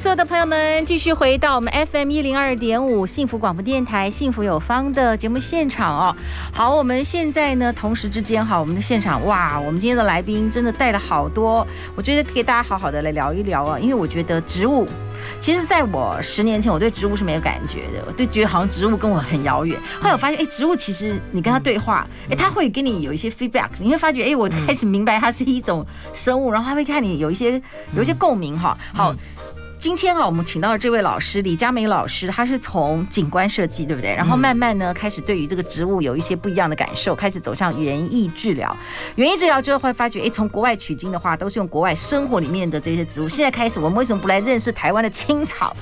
所有的朋友們，繼續回到我們 FM 一零二點五幸福廣播電臺《幸福有方》的節目現場哦。好，我們現在呢，同時之間哈，我們的現場哇，我們今天的來賓真的帶了好多，我覺得可以大家好好的來聊一聊啊。因為我覺得植物，其實在我十年前，我對植物是沒有感覺的，我就覺得好像植物跟我很遙遠。後來我發現，哎，植物其實你跟他對話，哎，他會跟你有一些 feedback，你會發覺，哎，我開始明白它是一種生物，然後他會看你有一些有一些共鳴哈。好。嗯嗯今天啊，我們請到了這位老師李嘉梅老師，他是從景觀設計，對不對？然後慢慢呢、嗯，開始對於這個植物有一些不一樣的感受，開始走向園藝治療。園藝治療就會發覺，哎，從國外取經的話，都是用國外生活裡面的這些植物。現在開始，我們為什麼不來認識台灣的青草？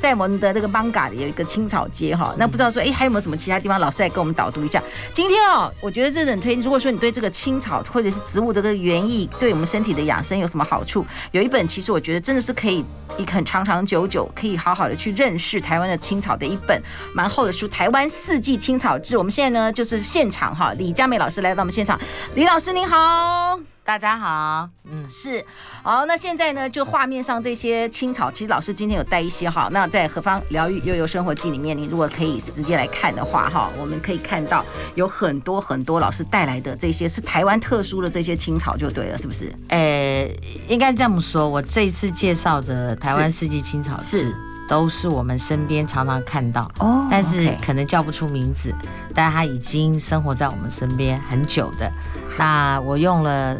在我們的那個艋舺裡有一個青草街哈，那不知道說誒，還有沒有什麼其他地方，老師來跟我們導讀一下？今天哦，我覺得這本推薦，如果說你對這個青草或者是植物的這個園藝，對我們身體的養生有什麼好處？有一本其實我覺得真的是可以一很長長久久，可以好好的去認識台灣的青草的一本蠻厚的書《台灣四季青草志》。我們現在呢就是現場哈，李嘉梅老師來到我們現場，李老師您好。大家好，嗯，是，好，那現在呢，就畫面上這些青草，其實老師今天有帶一些哈，那在何方療癒悠悠生活記裡面，你如果可以直接來看的話哈，我們可以看到有很多很多老師帶來的這些是台灣特殊的這些青草就對了，是不是？呃，應該這麼說，我這次介紹的台灣四季青草誌，是都是我們身邊常常看到，哦，但是可能叫不出名字，哦 okay、但他它已經生活在我們身邊很久的。那我用了。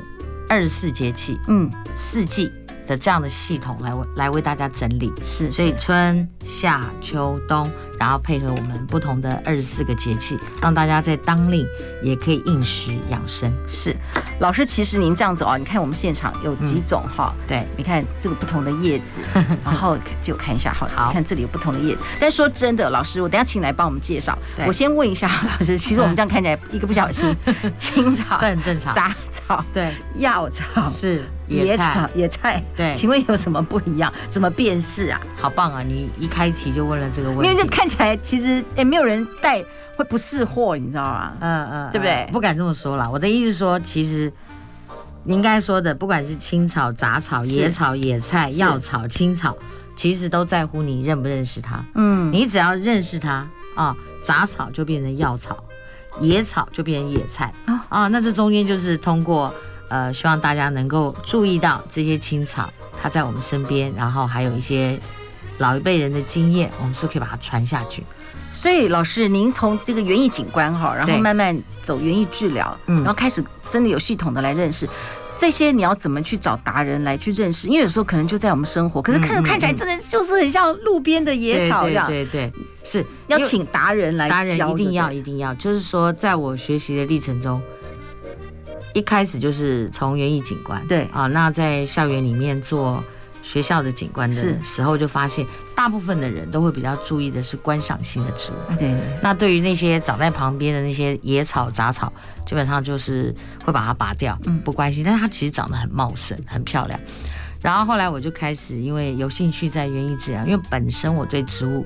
二十四節氣，嗯，四季的這樣的系統來為來為大家整理，是，所以春夏秋冬，然後配合我們不同的二十四個節氣，讓大家在當令也可以應時養生，嗯。是，老師，其實您這樣子啊，哦，你看我們現場有幾種哈，哦嗯？對，你看這個不同的葉子， 然後就看一下哈，好，好看這裡有不同的葉子。但說真的，老師，我等下請來幫我們介紹。對我先問一下老師，其實我們這樣看起來，一個不小心，青 草，這很正常。好對，藥草是野菜、野草、野菜，對，請問有什麼不一樣？怎麼辨識啊？好棒啊！你一開題就問了這個問題，因為這看起來其實也、欸、沒有人帶會不識貨，你知道嗎、啊？嗯、呃、嗯、呃呃，對不對？不敢這麼說啦。我的意思說，其實你應該說的，不管是青草、雜草、野草、野菜、藥草、青草，其實都在乎你認不認識它。嗯，你只要認識它啊、哦，雜草就變成藥草。野草就變成野菜啊、哦、啊！那這中間就是通過呃，希望大家能夠注意到這些青草，它在我們身邊，然後還有一些老一輩人的經驗，我們是可以把它傳下去。所以老師，您從這個園藝景觀哈，然後慢慢走園藝治療，嗯，然後開始真的有系統的來認識。嗯這些你要怎麼去找達人來去認識？因為有時候可能就在我們生活，可是看着、嗯嗯、看起來真的就是很像路邊的野草一樣。對對，對,對，是要請達人來。達人一定要一定要，就是說，在我學習的歷程中，一開始就是從園藝景觀對啊、哦，那在校園裡面做。學校的景觀的時候，就發現大部分的人都會比較注意的是觀賞性的植物。對，那對於那些長在旁邊的那些野草雜草，基本上就是會把它拔掉，嗯，不關心。嗯、但是它其實長得很茂盛，很漂亮。然後後來我就開始，因為有興趣在園藝治療，因為本身我對植物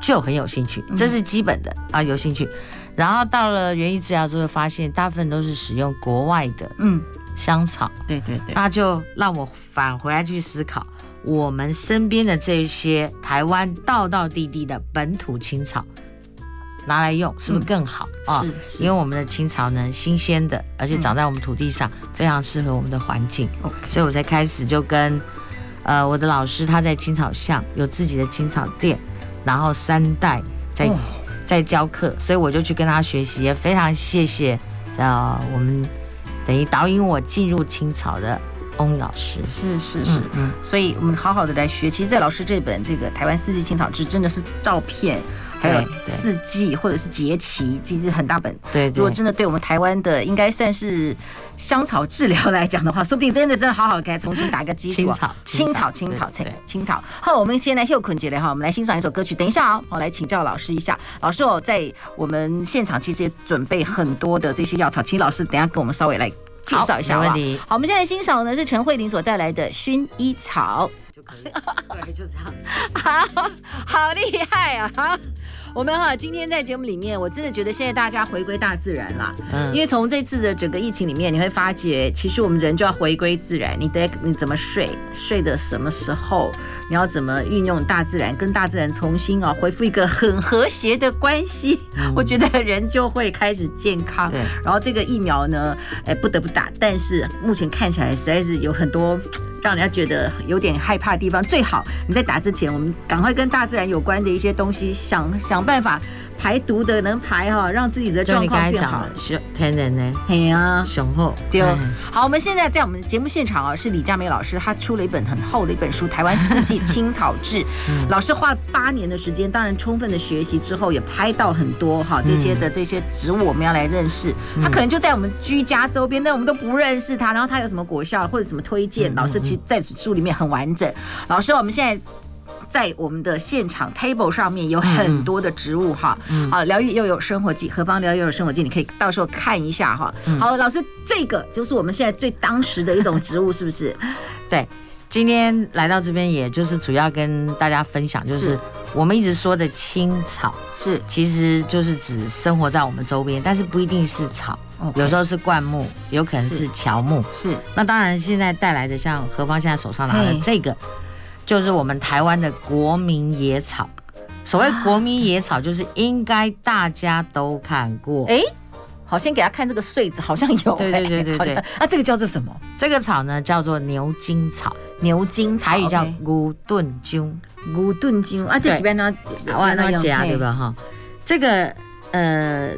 就很有興趣，這是基本的、嗯、啊，有興趣。然後到了園藝治療之後，發現大部分都是使用國外的，嗯，香草。對對，那就讓我返回來去思考。我們身邊的這些台灣道道地地的本土青草，拿來用是不是更好啊、嗯哦？是，因為我們的青草呢新鮮的，而且長在我們土地上，嗯、非常適合我們的環境，Okay. 所以我才開始就跟呃我的老師，他在青草巷有自己的青草店，然後三代在、哦、在教課，所以我就去跟他學習，也非常謝謝啊、呃、我們等於導引我進入青草的。翁老師是是是，嗯，嗯，所以我們好好的來學。其實，在老師這本這個《臺灣四季青草誌》真的是照片，還有四季或者是節氣，其實很大本。對，對，對，如果真的對我們臺灣的，應該算是香草治療來講的話，說不定真的真的好好給它重新打個基礎、啊。青草，青草，青草，青草，草。好，我們先來很困捷了哈，我們來欣賞一首歌曲。等一下哦、喔，我來請教老師一下。老師哦、喔，在我們現場其實也準備很多的這些藥草。請老師等下跟我們稍微來。介紹一下問題好、啊。好，我們現在欣賞的呢是陳慧玲所帶來的薰衣草，就可以，對，就這樣。 好好厲害啊！我們哈、啊，今天在節目裡面，我真的覺得現在大家回歸大自然了。嗯，因為從這次的整個疫情裡面，你會發覺，其實我們人就要回歸自然。你得你怎麼睡，睡的什麼時候，你要怎麼運用大自然，跟大自然重新啊、哦，恢復一個很和諧的關係。我覺得人就會開始健康。對。然後這個疫苗呢，哎，不得不打，但是目前看起來實在是有很多。讓人家覺得有點害怕的地方，最好你在打之前，我們趕快跟大自然有關的一些東西想，想想辦法。排毒的能排哈，讓自己的狀況變好，天然的，對啊，雄厚。對、嗯，好，我們現在在我們的節目現場啊，是李嘉梅老師，他出了一本很厚的一本書《台灣四季青草志》 嗯，老師花了八年的時間，當然充分的學習之後，也拍到很多哈這些的、嗯、這些植物，我們要來認識、嗯。他可能就在我們居家周邊，但我們都不認識他。然後他有什麼果效或者什麼推薦，老師其實在此書裡面很完整。老師，我們現在。在我們的現場 table 上面有很多的植物哈、嗯，好療癒又有生活記，何方療癒又有生活記，你可以到時候看一下哈。好，老師，這個就是我們現在最當時的一種植物，是不是？對，今天來到這邊，也就是主要跟大家分享，就是，是我們一直說的青草，是，其實就是指生活在我們周邊，但是不一定是草，okay, 有時候是灌木，有可能是喬木是，是。那當然，現在帶來的像何方現在手上拿的這個。就是我們台灣的國民野草，所謂國民野草，就是應該大家都看過。哎、啊，欸，好，先給他看這個穗子，好像有、欸。對對對對對。啊，這個叫做什麼？這個草呢叫做牛筋草，牛筋草，台語叫牛頓菌，牛頓菌。啊，這邊呢？邊那家對吧？哈，這個呃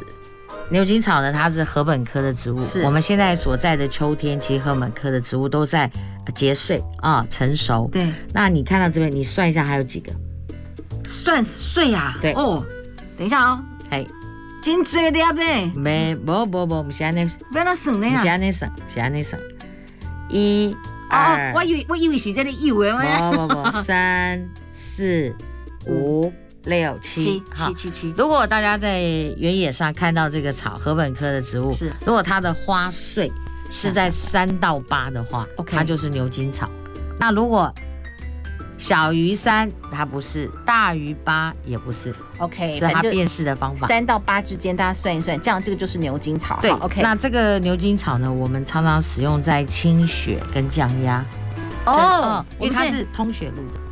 牛筋草呢，它是禾本科的植物。是。我們現在所在的秋天，其實禾本科的植物都在。結穗啊、哦，成熟。對，那你看到這邊，你算一下還有幾個？算穗啊？對。哦，等一下哦。哎，真醉了嘞！沒，不不不，不是安尼，不要那算嘞啊！不是安尼算，是安尼算。一、啊，哦、啊，我以為我以為是這裡一五元三四五六七，七七七。如果大家在原野上看到這個草，禾本科的植物，是，如果它的花穗。是在三到八的話，OK，它就是牛筋草。那如果小於三，它不是；大於八也不是。OK，這是它辨識的方法。三到八之間，大家算一算，這樣這個就是牛筋草。對，OK。那這個牛筋草呢，我們常常使用在清血跟降壓。哦，因為它是通血路的。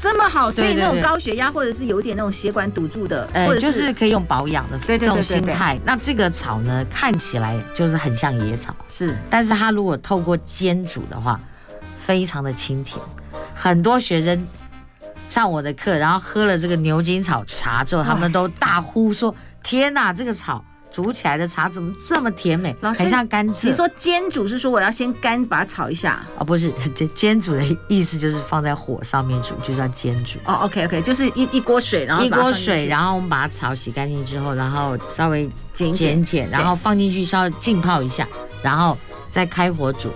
這麼好！所以那種高血壓或者是有點那種血管堵住的，呃、或者是就是可以用保養的這種心態，對對對對對對。那這個草呢，看起來就是很像野草，是，但是它如果透過煎煮的話，非常的清甜。很多學生上我的課，然後喝了這個牛筋草茶之後，他們都大呼說：“天哪，這個草！”煮起來的茶怎麼這麼甜美？老師很像甘蔗。你說煎煮是說我要先乾把它炒一下啊、哦？不是，煎煎煮的意思就是放在火上面煮，就叫煎煮。哦、oh,，OK OK，就是一一鍋水，然後一鍋水，然後我們把它炒洗乾淨之後，然後稍微剪剪然後放進去稍微浸泡一下，然後再開火煮，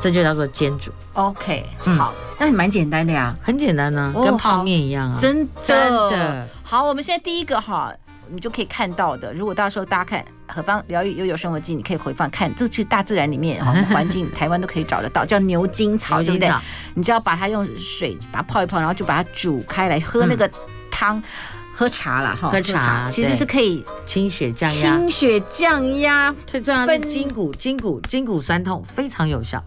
這就叫做煎煮。OK，、嗯、好，那也蠻簡單的呀、啊，很簡單呢、啊哦，跟泡面一樣啊，真的真的。好，我們現在第一個哈。你就可以看到的。如果到時候大家看何方療癒悠遊生活誌，你可以回放看，這是大自然裡面環境，台灣都可以找得到，叫牛筋草之類的。你就要把它用水把它泡一泡，然後就把它煮開來喝那個湯，嗯，喝茶了哈。喝茶，喝茶其實是可以清血降壓、清血降壓，最重要的是筋骨筋骨筋骨酸痛非常有效，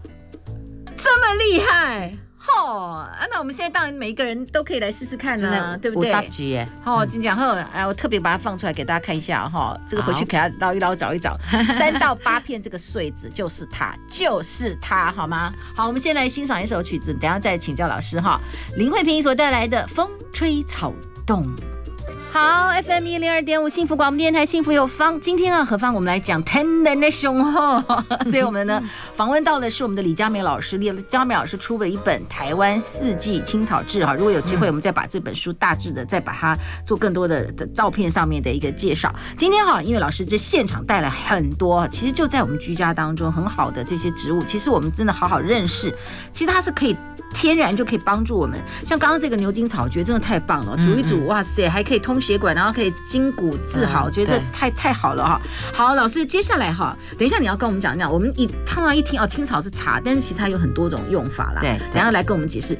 這麼厲害。哦、啊，那我們現在當然每一個人都可以來試試看呢。對不對？我大吉耶！哦、好，金、嗯、甲哎，我特別把它放出來給大家看一下哈、哦，這個回去給他撈一撈，找一找，三到八片這個穗子，就是它， 就是它，好嗎？好，我們先來欣賞一首曲子，等一下再請教老師哈。林慧萍所帶來的《風吹草動》。好，FM 一零二點五，幸福廣播電台，幸福有方。今天啊，何方我們來講天然的雄厚，所以我們呢訪問到的是我們的李嘉梅老師，李嘉梅老師出了一本《台灣四季青草志》哈。如果有機會，我們再把這本書大致的再把它做更多的,的照片上面的一個介紹。今天哈、啊，因為老師這現場帶來很多，其實就在我們居家當中很好的這些植物，其實我們真的好好認識，其實它是可以。天然就可以幫助我們，像剛剛這個牛筋草，我覺得真的太棒了，嗯，煮一煮，哇塞，還可以通血管，然後可以筋骨治好，嗯、我覺得這太太好了哈。好，老師，接下來哈，等一下你要跟我們講講，我們一突然一聽哦，青草是茶，但是其實它有很多種用法啦。對，對等一下來跟我們解釋，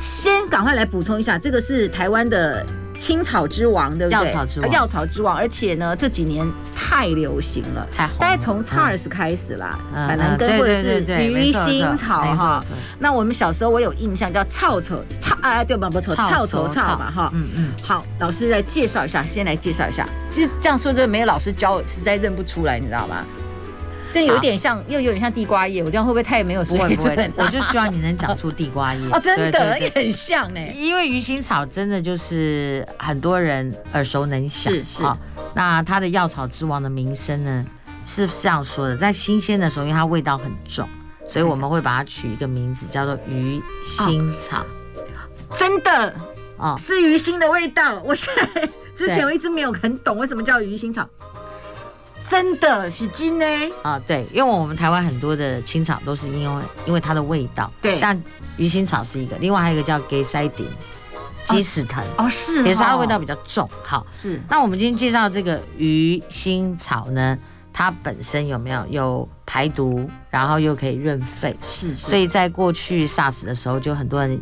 先趕快來補充一下，這個是台灣的。青草之王，對不對藥？藥草之王，而且呢，這幾年太流行了，太好了，大概從 Charles 開始啦，嗯、板藍根或者是魚腥草哈、嗯嗯。那我們小時候我有印象，叫草草，草，草。啊，對吧，不錯，草草草嘛哈。嗯嗯。好，老師來介紹一下，先來介紹一下。其實這樣說，這沒有老師教，我實在認不出來，你知道嗎？這有點像，又有點像地瓜葉。我這樣會不會太沒有水準？ 我就希望你能講出地瓜葉。 哦，真的，對對對，也很像哎。因為魚腥草真的就是很多人耳熟能詳。是是、哦。那它的藥草之王的名聲呢，是這樣說的：在新鮮的時候，因為它味道很重，所以我們會把它取一個名字叫做魚腥草、哦。真的哦，是魚腥的味道。我現在之前我一直沒有很懂為什麼叫魚腥草。真的是金嘞啊！對，因為我們台灣很多的青草都是因為因為它的味道，對，像魚腥草是一個，另外還有一個叫給塞頂，雞屎藤哦，是哦，也是它的味道比較重好，是，那我們今天介紹這個魚腥草呢，它本身有沒有有排毒，然後又可以潤肺，是，是，所以在過去 SARS 的時候，就很多人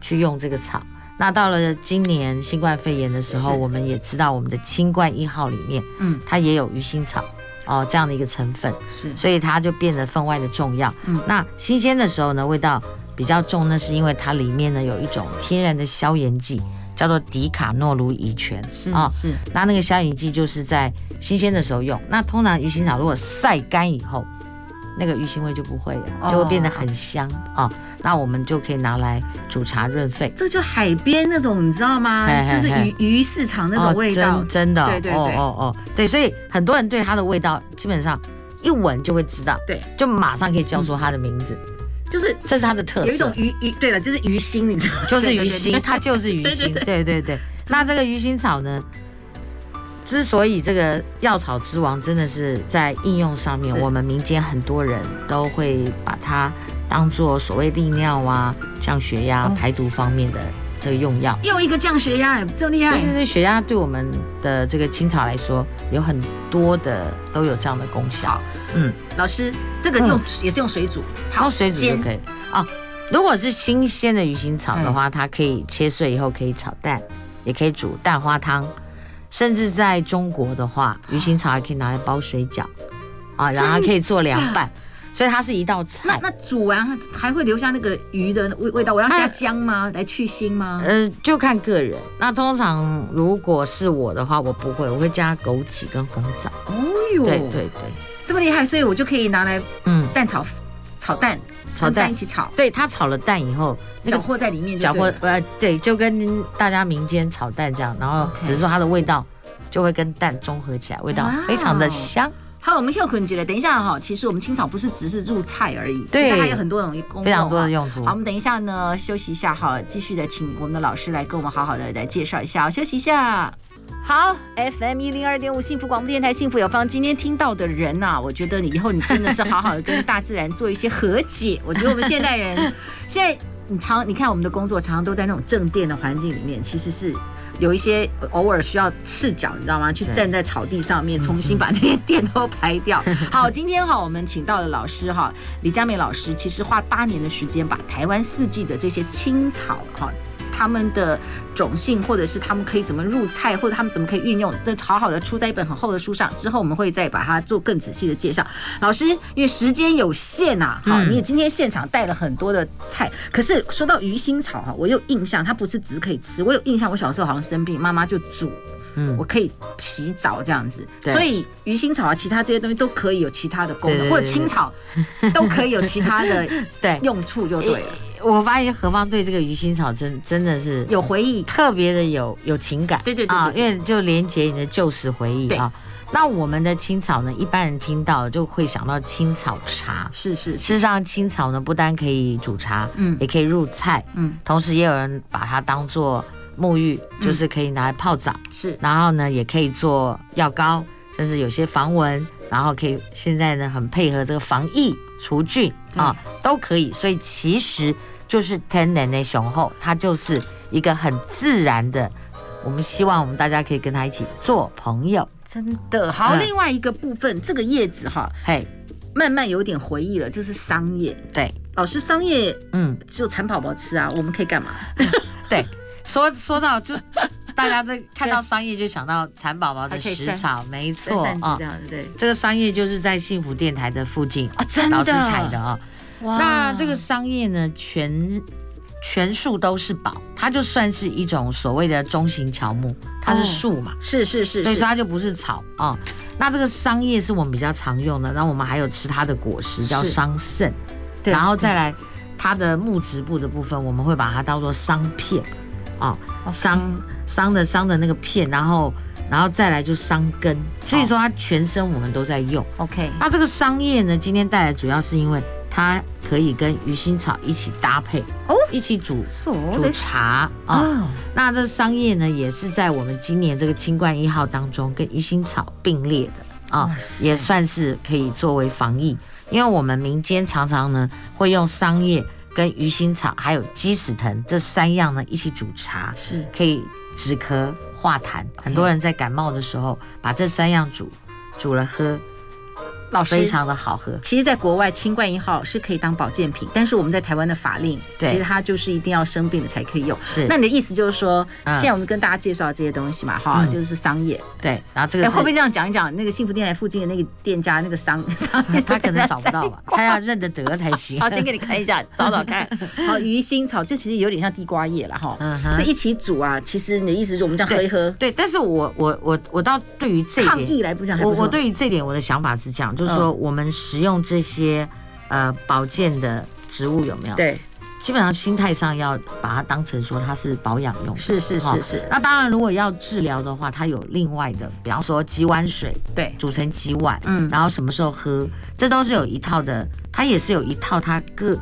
去用這個草。那到了今年新冠肺炎的時候，我們也知道我們的清冠一號裡面，嗯，它也有魚腥草哦，這樣的一個成分，是，所以它就變得分外的重要。嗯，那新鮮的時候呢，味道比較重，那是因為它裡面呢有一種天然的消炎劑，叫做迪卡諾盧乙醛，是啊，是。那那個消炎劑就是在新鮮的時候用。那通常魚腥草如果曬乾以後，那個魚腥味就不會了，就會變得很香哦，哦。那我們就可以拿來煮茶潤肺。這就海邊那種，你知道嗎？嘿嘿嘿就是魚魚市場那種味道，哦、真，真的對對對哦哦哦。對，所以很多人對它的味道基本上一聞就會知道，對，就馬上可以叫出它的名字。嗯、就是這是它的特色，有一種魚魚，對了，就是魚腥，你知道嗎？就是魚腥，對對對對，它就是魚腥 對對對對，對對對。那這個魚腥草呢？之所以這個藥草之王真的是在應用上面，我們民間很多人都會把它當做所謂利尿啊、降血壓、哦、排毒方面的這個用藥。又一個降血壓，這麼厲害？對對，因為血壓對我們的這個青草來說有很多的都有這樣的功效。嗯，老師，這個用、嗯、也是用水煮，好，用水煮就可以。啊、哦，如果是新鮮的魚腥草的話、哎，它可以切碎以後可以炒蛋，也可以煮蛋花湯。甚至在中國的話，魚腥草還可以拿來包水餃，啊，然後還可以做涼拌，所以它是一道菜。那那煮完還會留下那個魚的味味道，我要加薑嗎？來去腥嗎？呃，就看個人。那通常如果是我的話，我不會，我會加枸杞跟紅棗。哦呦，對對對，這麼厲害，所以我就可以拿來嗯，蛋炒炒蛋。炒蛋一起炒，對，他炒了蛋以後，攪、那、和、個、在裡面，攪和，呃，對，就跟大家民間炒蛋這樣，然後只是說它的味道就會跟蛋綜合起來，味道非常的香。Okay. Wow. 好，我們 Q 菌姐了，等一下哈，其實我們青草不是只是入菜而已，對，它還有很多很、啊、非常多的用途。好，我們等一下呢，休息一下，好，繼續的請我們的老師來跟我們好好的來介紹一下，休息一下。好，FM 一零二點五，幸福廣播電臺，幸福有方。今天聽到的人吶、啊，我覺得你以後你真的是好好的跟大自然做一些和解。 我覺得我們現代人，現在你常你看我們的工作，常常都在那種正電的環境裡面，其實是有一些偶爾需要赤腳，你知道嗎？去站在草地上面，重新把這些電都排掉。 好，今天哈，我們請到的老師哈，李嘉梅老師，老師其實花八年的時間，把臺灣四季的這些青草哈。他們的種性，或者是他們可以怎麼入菜，或者他們怎麼可以運用，都好好的出在一本很厚的書上。之後我們會再把它做更仔細的介紹。老師，因為時間有限吶，哈，你也今天現場帶了很多的菜、嗯，可是說到魚腥草哈，我有印象，它不是只可以吃，我有印象，我小時候好像生病，媽媽就煮，我可以洗澡這樣子、嗯，所以魚腥草啊，其他這些東西都可以有其他的功能，對對對對，或者青草都可以有其他的用處就對了。對對對對 對我發現何方對這個魚腥草真真的是特別的有、有回憶，嗯，特別的有有情感，對對、對、對啊，因為就連接你的舊時回憶啊。那我們的青草呢，一般人聽到就會想到青草茶，是是、是。事實上，青草呢不單可以煮茶，嗯，也可以入菜，嗯，同時也有人把它當做沐浴，就是可以拿來泡澡，嗯，是。然後呢，也可以做藥膏，甚至有些防蚊，然後可以現在呢很配合這個防疫除菌。啊、哦，都可以，所以其實就是天然的雄厚，它就是一個很自然的。我們希望我們大家可以跟他一起做朋友，真的好、嗯。另外一個部分，這個葉子哈、哦，嘿，慢慢有點回憶了，就是桑葉。對，老師，桑葉，嗯，就蠶寶寶吃啊，我們可以幹嘛？對， 說說到就。大家在看到桑葉就想到蠶寶寶的食草，okay, 嗯、沒錯啊。對，哦對，這樣子對哦、這個桑葉就是在幸福電台的附近老師採的啊、哦。哇！那這個桑葉呢，全全樹都是寶，它就算是一種所謂的中型喬木，它是樹嘛、哦，是是是,是，所以說它就不是草啊、哦。那這個桑葉是我們比較常用的，然後我們還有吃它的果實叫桑葚，然後再來它的木質部的部分，我們會把它當做桑片。啊、哦，桑桑、okay. 的桑的那個片，然後然後再來就桑根，所以說它全身我們都在用。OK，、oh. 那這個桑葉呢，今天帶來主要是因為它可以跟魚腥草一起搭配，哦、oh. 一起煮煮，煮茶啊。哦 oh. 那這桑葉呢，也是在我們今年這個清冠一號當中跟魚腥草並列的啊，哦 oh. 也算是可以作為防疫，因為我們民間常常呢會用桑葉。跟魚腥草還有雞屎藤這三樣呢，一起煮茶，是可以止咳化痰。Okay. 很多人在感冒的時候，把這三樣煮煮了喝。非常的好喝。其實，在國外，清冠一號是可以當保健品，但是我們在台灣的法令，對，其實它就是一定要生病了才可以用。是。那你的意思就是說，嗯、現在我們跟大家介紹這些東西嘛，哈、嗯，就是桑葉。對。然後這個。會不會這樣講一講？那個幸福電台附近的那個店家，那個桑，桑他可能找不到吧？他要認得得才行。 好，先給你看一下，找找看。好，魚腥草這其實有點像地瓜葉了哈。嗯，這一起煮啊，其實你的意思是我們這樣喝一喝。對，對但是我我我我倒對於這一點，抗來不不我我對於這一點我的想法是這樣。 就是說，我們食用這些、嗯、呃保健的植物有沒有？對，基本上心態上要把它當成說它是保養用。是是是是。哦、那當然，如果要治療的話，它有另外的，比方說幾碗水，對，煮成幾碗，嗯，然後什麼時候喝、嗯，這都是有一套的，它也是有一套它個。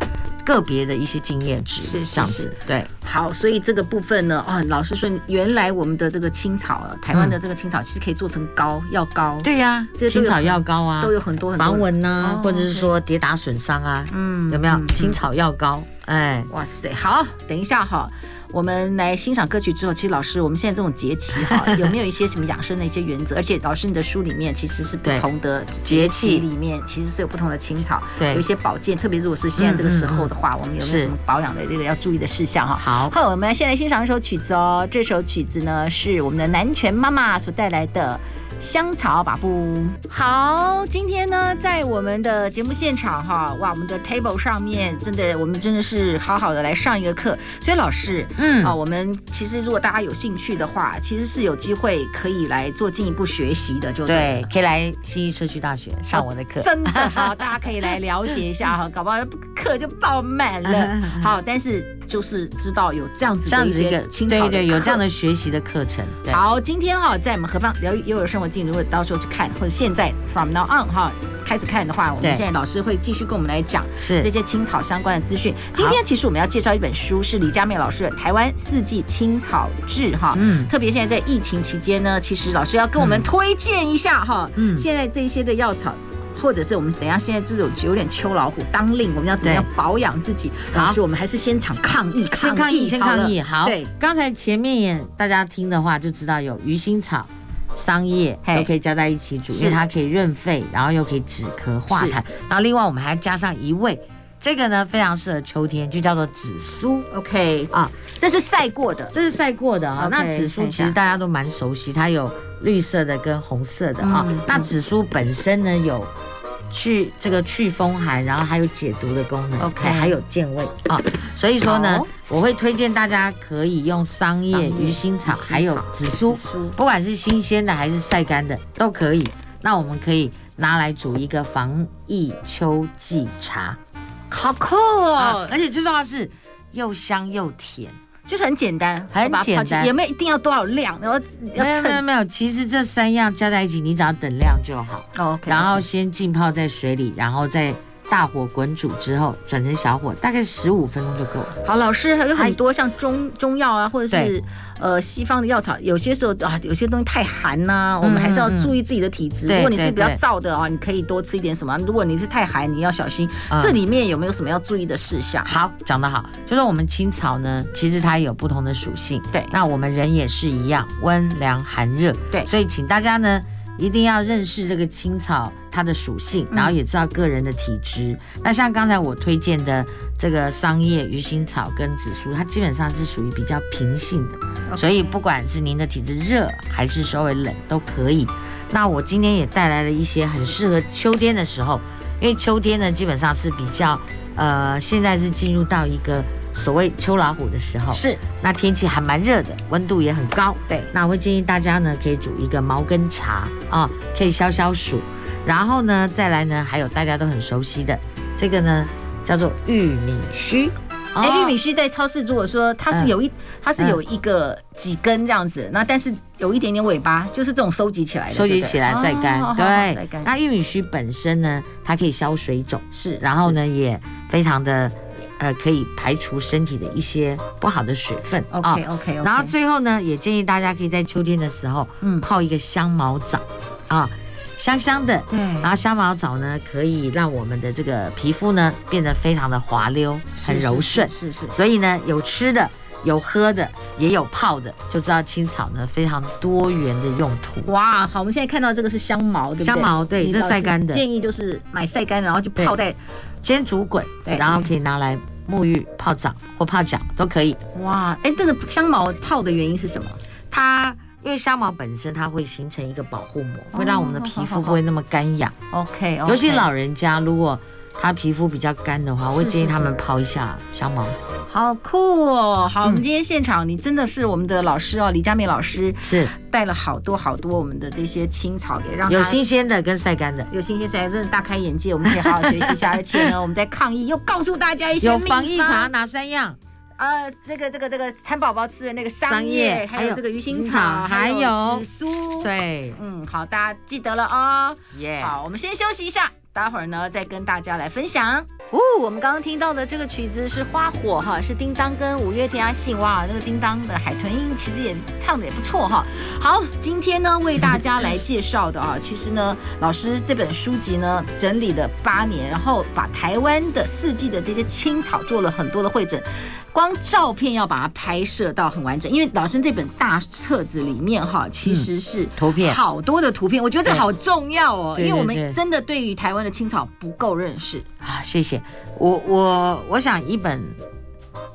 個別的一些經驗值，是這樣子，是是是。對，好，所以這個部分呢，哦、老師說，原來我們的這個青草，台灣的這個青草其實可以做成膏藥膏。對呀、啊，青草藥膏啊，都有很多，很多防蚊啊、哦、或者是說跌打損傷啊，嗯，有沒有、嗯、青草藥膏？哎、嗯，哇塞，好，等一下哈、哦。我們來欣賞歌曲之後，其實老師，我們現在這種節氣哈，有沒有一些什麼養生的一些原則？ 而且老師，你的書裡面其實是不同的節氣裡面，其實是有不同的青草，對，有一些保健，特別如果是現在這個時候的話，嗯嗯、我們有沒有什麼保養的這個要注意的事項哈？好，好，我們先來欣賞一首曲子哦。這首曲子呢是我們的南拳媽媽所帶來的《香草把布》。好，今天呢在我們的節目現場哈，哇，我們的 table 上面真的，我們真的是好好的來上一個課，所以老師。嗯，好、哦，我們其實如果大家有興趣的話，其實是有機會可以來做進一步學習的，就對，可以來信義社區大學上我的課，哦、真的好， 大家可以來了解一下哈，搞不好課就爆滿了， 好，但是。就是知道有這樣子的一些青草的，這樣子一個青草，對，對對，有這樣的學習的課程。好，今天哈、哦，在我們何方療癒幼兒生活進，如果到時候去看，或者現在 from now on 哈、哦、開始看的話，我們現在老師會繼續跟我們來講是這些青草相關的資訊。今天其實我們要介紹一本書，是李嘉梅老師的《台灣四季青草志》哈、哦。嗯，特別現在在疫情期間呢，其實老師要跟我們推薦一下哈。嗯，現在這些的藥草。或者是我們等一下現在就是有點秋老虎當令，我們要怎麼樣保養自己？好，我們還是先嚐抗議，抗議，先抗議。好，對，剛才前面也大家聽的話就知道有魚腥草、桑葉、嗯、都可以加在一起煮，因為它可以潤肺，然後又可以止咳化痰。然後另外我們還加上一味，這個呢非常適合秋天，就叫做紫蘇。OK，啊，這是曬過的，這是曬過的啊。那、okay, okay, 紫蘇其實大家都蠻熟悉，它有綠色的跟紅色的啊。那、嗯、紫蘇本身呢有，去這個祛風寒，然後還有解毒的功能。OK，還有健胃啊。所以說呢，oh. 我會推薦大家可以用桑葉、桑葉魚腥草，還有紫蘇，紫蘇，不管是新鮮的還是曬乾的都可以。那我們可以拿來煮一個防疫秋季茶，好酷哦！啊，而且最重要是又香又甜。就是很簡單，很簡單，也沒有一定要多少量？然後沒有沒有沒有，其實這三樣加在一起，你只要等量就好。Oh, okay, okay. 然後先浸泡在水裡，然後再。大火滾煮之後，轉成小火，大概十五分鐘就夠了。好，老師還有很多像中中藥啊，或者是呃西方的藥草，有些時候啊，有些東西太寒吶、啊嗯嗯嗯，我們還是要注意自己的體質。如果你是比較燥的啊，你可以多吃一點什麼；如果你是太寒，你要小心。嗯、這裡面有沒有什麼要注意的事項？好，講得好，就是我們青草呢，其實它有不同的屬性。對，那我們人也是一樣，溫涼寒熱。對，所以請大家呢。一定要認識這個青草它的屬性，然後也知道個人的體質。嗯。那像剛才我推薦的這個桑葉、魚腥草跟紫蘇，它基本上是屬於比較平性的，Okay. 所以不管是您的體質熱還是稍微冷都可以。那我今天也帶來了一些很適合秋天的時候，因為秋天呢基本上是比較，呃，現在是進入到一個。所謂秋老虎的時候，是那天氣還蠻熱的，溫度也很高。對，那我會建議大家呢，可以煮一個茅根茶啊、哦，可以消消暑。然後呢，再來呢，還有大家都很熟悉的這個呢，叫做玉米鬚、哦欸。玉米鬚在超市，如果說它是有一、嗯嗯，它是有一個幾根這樣子，那但是有一點點尾巴，就是這種收集起來的對對，收集起來曬乾。哦、好好好對好好曬乾，那玉米鬚本身呢，它可以消水腫，是，然後呢，也非常的。呃，可以排除身體的一些不好的水分 OK OK OK。然後最後呢，也建議大家可以在秋天的時候，嗯，泡一個香茅澡啊、嗯哦，香香的。對。然後香茅澡呢，可以讓我們的這個皮膚呢變得非常的滑溜，很柔順。是是，是，是，是，是是。所以呢，有吃的，有喝的，也有泡的，就知道青草呢非常多元的用途。哇，好，我們現在看到這個是香茅對不對？香茅對，你這曬乾的。建議就是買曬乾的，然後就泡在。先煮滾，然後可以拿來沐浴，泡澡、或泡腳都可以。哇，哎，欸，這個香茅泡的原因是什麼？它因為香茅本身，它會形成一個保護膜，哦，會讓我們的皮膚不會那麼乾癢。好好好好 okay, OK，尤其老人家如果。他皮膚比較乾的話，我會建議他們泡一下香茅。好酷哦！好、嗯，我們今天現場，你真的是我們的老師哦，李嘉梅老師是帶了好多好多我們的這些青草，給讓有新鮮的跟曬乾的，有新鮮曬乾真的大開眼界，我們可以好好學習一下、哦。而且呢，我們在抗疫又告訴大家一些有防疫茶，哪三樣？呃，那個這個這個蠶寶寶吃的那個桑葉，還有這個魚腥草，還有紫蘇。對，嗯，好，大家記得了哦。耶、yeah.，好，我們先休息一下。待會兒呢，再跟大家來分享哦。我們剛剛聽到的這個曲子是《花火》哈，是叮當跟五月天阿信。信哇。那個叮當的海豚音其實也唱得也不錯哈。好，今天呢，為大家來介紹的啊，其實呢，老師這本書籍呢，整理了八年，然後把台灣的四季的這些青草做了很多的會診。光照片要把它拍攝到很完整，因為老師這本大冊子裡面哈，其實是圖片好多的圖片、嗯、圖片，我覺得這個好重要哦，因為我們真的對於台灣的青草不夠認識。對對對啊。謝謝我我我想一本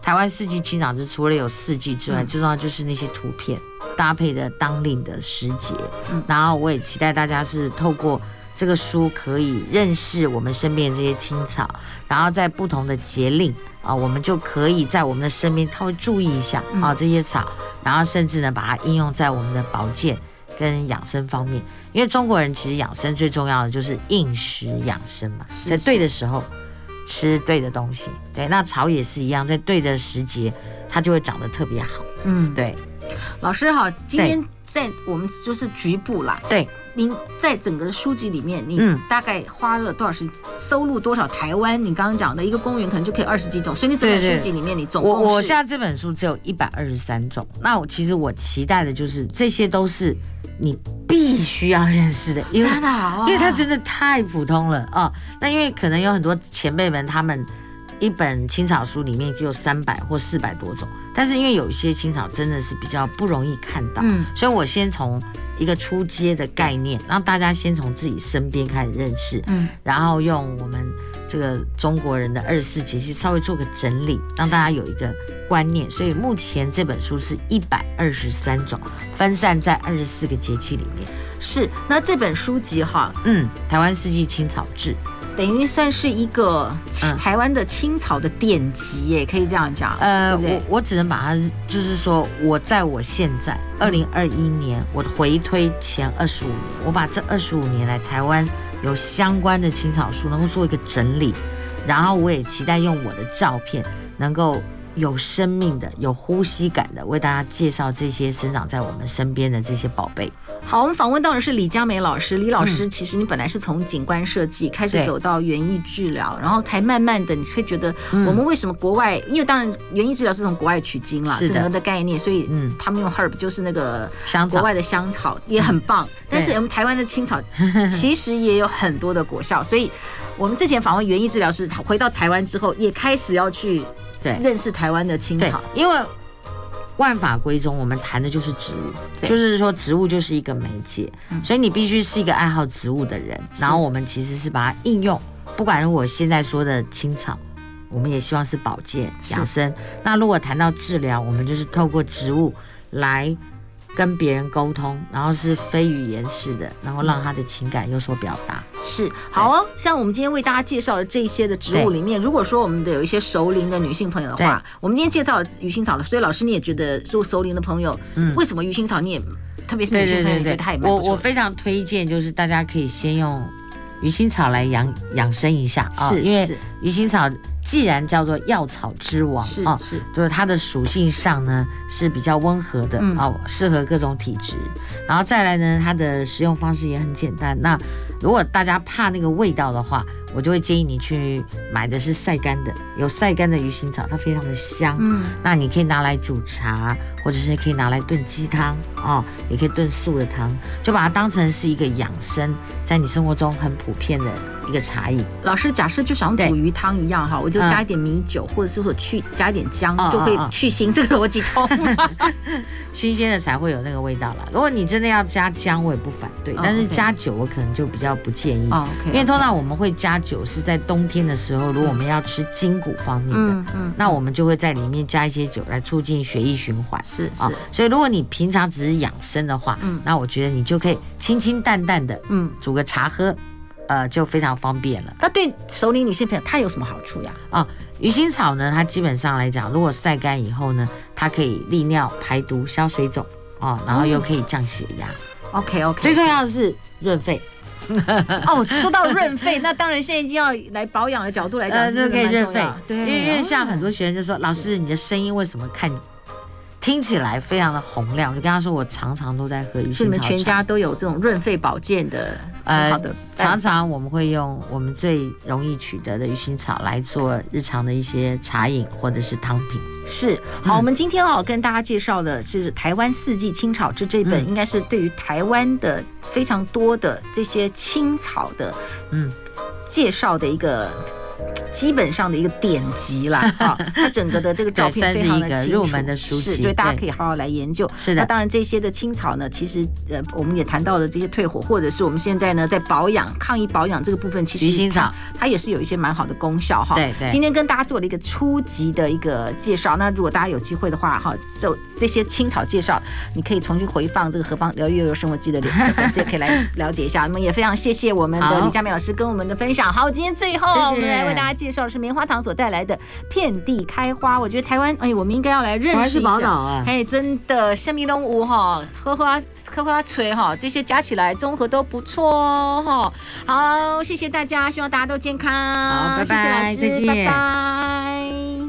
台灣四季青草，就除了有四季之外，嗯，最重要就是那些圖片搭配的當令的時節，嗯。然後我也期待大家是透過。這個書可以認識我們身邊的這些青草，然後在不同的節令啊，我們就可以在我們的身邊，稍微注意一下啊、嗯、這些草，然後甚至呢把它應用在我們的保健跟養生方面。因為中國人其實養生最重要的就是應時養生嘛是是，在對的時候吃對的東西，對那草也是一樣，在對的時節它就會長得特別好。嗯，對。老師好，今天。在我們就是局部啦，對。您在整個書籍裡面，你大概花了多少時、嗯、收錄多少台灣？你剛剛講的一個公園，可能就可以二十幾種，所以你整個書籍裡面，你總共是對對對我我現在這本書只有一百二十三種。那我其實我期待的就是，這些都是你必須要認識的，因為真的好、啊、因為它真的太普通了啊。那、哦、因為可能有很多前輩們，他們。一本青草書裡面就有三百或四百多種，但是因為有一些青草真的是比較不容易看到，嗯，所以我先從一個初階的概念，讓大家先從自己身邊開始認識，嗯，然後用我們這個中國人的二十四節氣稍微做個整理，讓大家有一個觀念。所以目前這本書是一百二十三種，分散在二十四個節氣裡面。是，那這本書籍哈，嗯，《台灣四季青草志》。等於算是一個台灣的青草的典籍耶，也、嗯、可以這樣講。呃，對對，我我只能把它，就是說我在我現在二零二一年，我回推前二十五年，我把這二十五年來台灣有相關的青草書，能夠做一個整理，然後我也期待用我的照片能夠。有生命的、有呼吸感的，為大家介紹這些生長在我們身邊的這些寶貝。好，我們訪問到的是李嘉梅老師。李老師，嗯、其實你本來是從景觀設計開始走到園藝治療，然後才慢慢的，你會覺得我們為什麼國外？嗯、因為當然，園藝治療是從國外取經了、啊，整個的概念，所以他們用 herb 就是那個香國外的香草也很棒，但是我們台灣的青草其實也有很多的國效，所以我們之前訪問園藝治療師， 回到台灣之後也開始要去。對，認識台灣的青草，因為萬法歸宗，我們談的就是植物，就是說植物就是一個媒介，所以你必須是一個愛好植物的人。嗯、然後我們其實是把它應用，是不管我現在說的青草，我們也希望是保健養生。那如果談到治療，我們就是透過植物來。跟別人溝通，然後是非語言式的，然後讓他的情感有所表達。是，好哦。像我們今天為大家介紹的這些的植物裡面，如果說我們的有一些熟齡的女性朋友的話，我們今天介紹魚腥草的。所以老師，你也覺得說熟齡的朋友、嗯，為什麼魚腥草你也特別是女性朋友，對對對對，你覺得他還蠻不錯的。我我非常推薦，就是大家可以先用魚腥草來養養生一下啊、哦，是，是因為魚腥草。既然叫做藥草之王啊，是，是、哦，就是它的屬性上呢是比較溫和的啊、哦，適合各種體質。嗯。然後再來呢，它的食用方式也很簡單。那如果大家怕那個味道的話，我就會建議你去買的是曬乾的，有曬乾的魚腥草，它非常的香。嗯，那你可以拿來煮茶，或者是可以拿來燉雞湯哦，也可以燉素的湯，就把它當成是一個養生，在你生活中很普遍的一個茶飲。老師，假設就像煮魚湯一樣哈，我就加一點米酒，嗯、或者是說去加一點薑、嗯，就可以去腥。嗯、這個邏輯通。 新鮮的才會有那個味道了。如果你真的要加薑，我也不反對、嗯，但是加酒我可能就比較。不建議，因為通常我們會加酒，是在冬天的時候。如果我們要吃筋骨方面的，嗯，那我們就會在裡面加一些酒來促進血液循環，是,是。哦，所以如果你平常只是養生的話，嗯，那我覺得你就可以清清淡淡的，嗯，煮個茶喝，呃，就非常方便了。那對熟齡女性朋友，它有什麼好處呀？啊，哦，魚腥草呢，它基本上來講，如果曬乾以後呢，它可以利尿、排毒、消水腫，哦，然後又可以降血壓，嗯。OK OK，最重要的是潤肺。 哦，說到潤肺， 那當然，現在就要來保養的角度來講，呃，就是可以潤肺。對，因為因為下很多學生就說，老師，你的聲音為什麼看你？聽起來非常的洪亮，就跟他說，我常常都在喝魚腥草。是你們全家都有這種潤肺保健的。呃、嗯，好的、呃。常常我們會用我們最容易取得的魚腥草來做日常的一些茶飲或者是湯品。是。好，嗯、我們今天啊跟大家介紹的是《台灣四季青草誌》這本，應該是對於台灣的非常多的這些青草的嗯介紹的一個。基本上的一個典籍了，哈、哦，它整個的這個照片非常的清楚，是,的是，所以大家可以好好來研究。是的，那、啊、當然這些的青草呢，其實呃，我們也談到了這些退火，或者是我們現在呢在保養、抗疫保養這個部分，其實草它也是有一些蠻好的功效哈、哦。對對。今天跟大家做了一個初級的一個介紹，那如果大家有機會的話，哈、哦，就這些青草介紹，你可以重新回放這個何方聊一聊生活機的 所以可以來了解一下。我們也非常謝謝我們的李嘉梅老師跟我們的分享。好，好今天最後對。為大家介紹的是棉花糖所帶來的遍地開花。我覺得台灣，哎，我們應該要來認識一下。台灣是寶島啊。哎、啊，真的，生米龍舞哈，荷呵花呵，荷花錘哈，這些加起來綜合都不錯哦，好，謝謝大家，希望大家都健康。好，拜拜，謝謝老師，再見，拜拜。